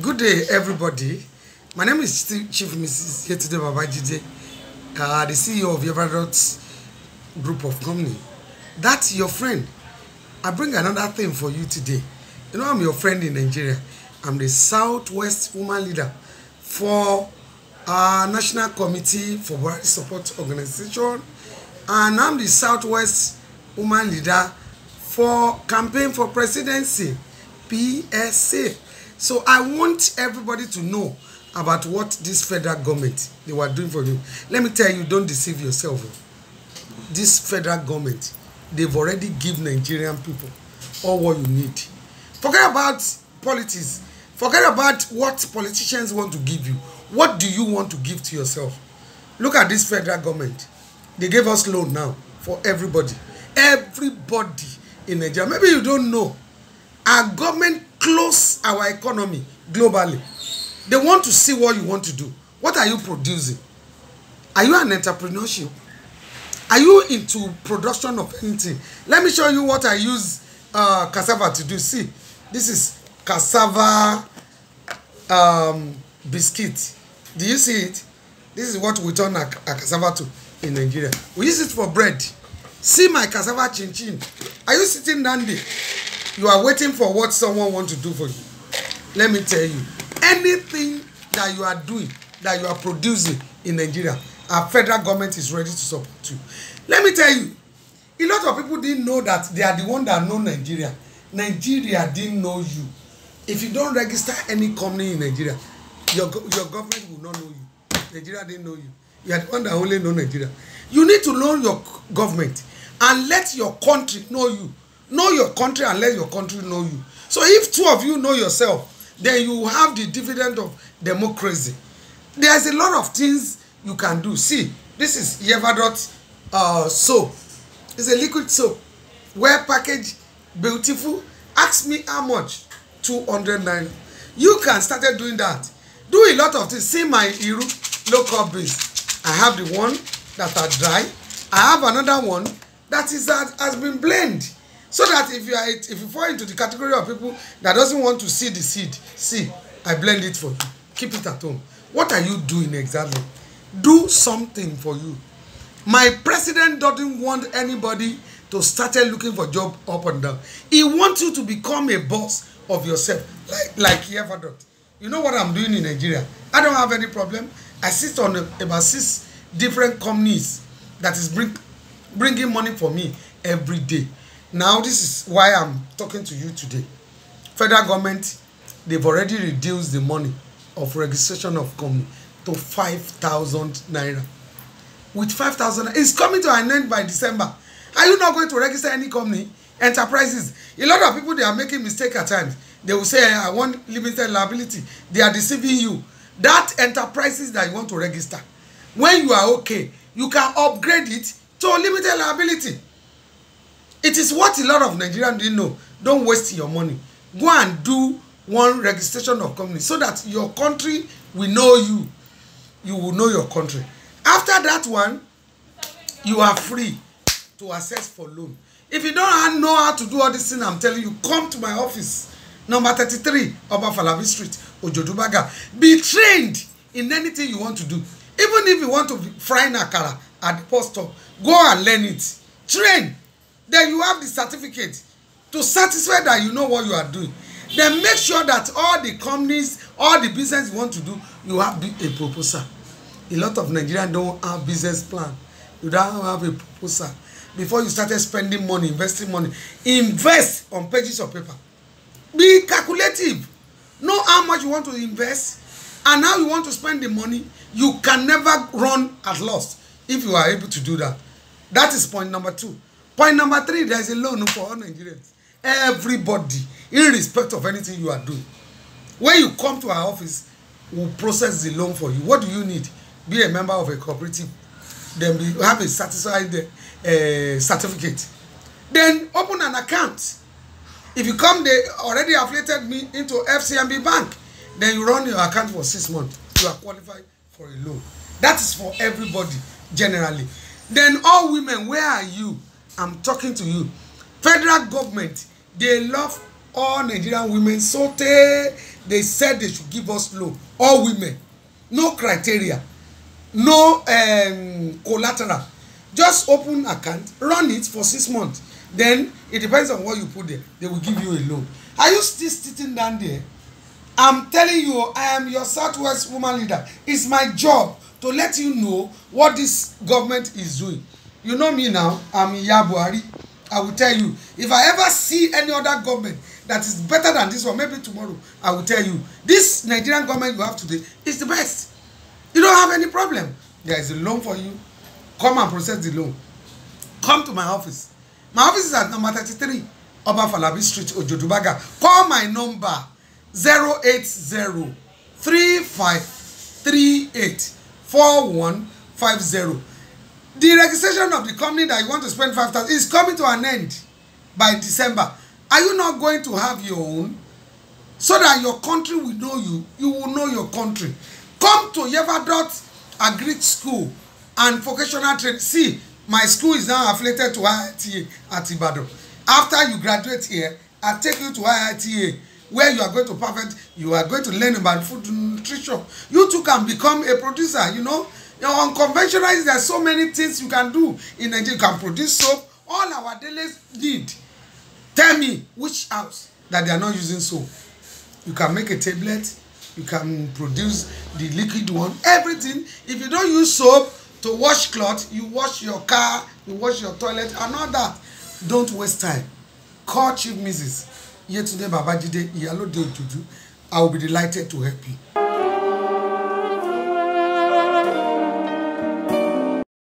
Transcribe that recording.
Good day, everybody. My name is Chief Mrs. Yetude Babajide, uh, the CEO of Everdot Group of Company. That's your friend. I bring another thing for you today. You know, I'm your friend in Nigeria. I'm the Southwest Woman Leader for uh, National Committee for Buhari Support Organization, and I'm the Southwest Woman Leader for Campaign for Presidency, PSA. So I want everybody to know about what this federal government they were doing for you. Let me tell you, don't deceive yourself. This federal government, they've already given Nigerian people all what you need. Forget about politics. Forget about what politicians want to give you. What do you want to give to yourself? Look at this federal government. They gave us loan now for everybody. Everybody in Nigeria. Maybe you don't know. Our government close our economy globally. They want to see what you want to do. What are you producing? Are you an entrepreneurship? Are you into production of anything? Let me show you what I use uh, cassava to do. See, this is cassava um, biscuit. Do you see it? This is what we turn a, a cassava to in Nigeria. We use it for bread. See my cassava chin chin. Are you sitting down there? you are waiting for what someone want to do for you let me tell you anything that you are doing that you are producing in Nigeria our federal government is ready to support you let me tell you a lot of people didn't know that they are the one that know Nigeria Nigeria didn't know you if you don't register any company in Nigeria your your government will not know you Nigeria didn't know you you are the one that only know Nigeria you need to know your government and let your country know you know your country and let your country know you so if two of you know yourself then you have the dividend of democracy there's a lot of things you can do see this is yevadot uh, soap it's a liquid soap well packaged beautiful ask me how much 200 naira you can start doing that do a lot of things see my iru local base i have the one that are dry i have another one that is that has been blended so that if you are if you fall into the category of people that doesn't want to see the seed see i blend it for you keep it at home what are you doing exactly do something for you my president doesn't want anybody to start looking for job up and down he wants you to become a boss of yourself like like he ever Yefadot you know what i'm doing in nigeria i don't have any problem i sit on a, about six different companies that is bring bringing money for me every day now this is why i'm talking to you today federal government they've already reduced the money of registration of company to five thousand naira with five thousand it's coming to an end by december are you not going to register any company enterprises a lot of people they are making mistake at times they will say i want limited liability they are deceiving you that enterprises that you want to register when you are okay you can upgrade it to limited liability It is what a lot of Nigerians didn't know. Don't waste your money. Go and do one registration of company so that your country will know you. You will know your country. After that one, you are free to access for loan. If you don't know how to do all this thing I'm telling you, come to my office, number thirty-three 33, Obafalabi Street, Ojodubaga. Be trained in anything you want to do. Even if you want to fry nakara at the post stop, go and learn it. Train then you have the certificate to satisfy that you know what you are doing then make sure that all the companies all the business you want to do you have a proposal a lot of nigerians don't have business plan you don't have a proposal before you started spending money investing money invest on pages of paper be calculative know how much you want to invest and how you want to spend the money you can never run at loss if you are able to do that that is point number two Point number three, there is a loan for all Nigerians. Everybody, irrespective of anything you are doing. When you come to our office, we'll process the loan for you. What do you need? Be a member of a cooperative. Then be, have a satisfied uh, certificate. Then open an account. If you come, they already affiliated me into FCMB Bank. Then you run your account for six months. You are qualified for a loan. That is for everybody, generally. Then all women, where are you? I'm talking to you. Federal government, they love all Nigerian women so they, they said they should give us loan, All women. No criteria. No um, collateral. Just open account, run it for six months. Then it depends on what you put there. They will give you a loan. Are you still sitting down there? I'm telling you, I am your Southwest woman leader. It's my job to let you know what this government is doing you know me now i'm iya i will tell you if i ever see any other government that is better than this one maybe tomorrow i will tell you this nigerian government you have today is the best you don't have any problem there is a loan for you come and process the loan come to my office my office is at number thirty-three Falabi street ojodubaga call my number zero eight zero three five three eight four one five zero the registration of the company that you want to spend five thousand is coming to an end by December are you not going to have your own so that your country will know you you will know your country come to Yevadot agric school and vocational training see my school is now affiliated to IITA at Ibadan after you graduate here I take you to IITA where you are going to perfect you are going to learn about food nutrition you too can become a producer you know Your unconventional is there so many things you can do in Nigeria. You can produce soap. All our dealers need. Tell me which house that they are not using soap. You can make a tablet. You can produce the liquid one. Everything. If you don't use soap to wash cloth, you wash your car, you wash your toilet, and all that. Don't waste time. Call Chief Mrs. Yetunde Babajide Iyalode Ojuju. I will be delighted to help you.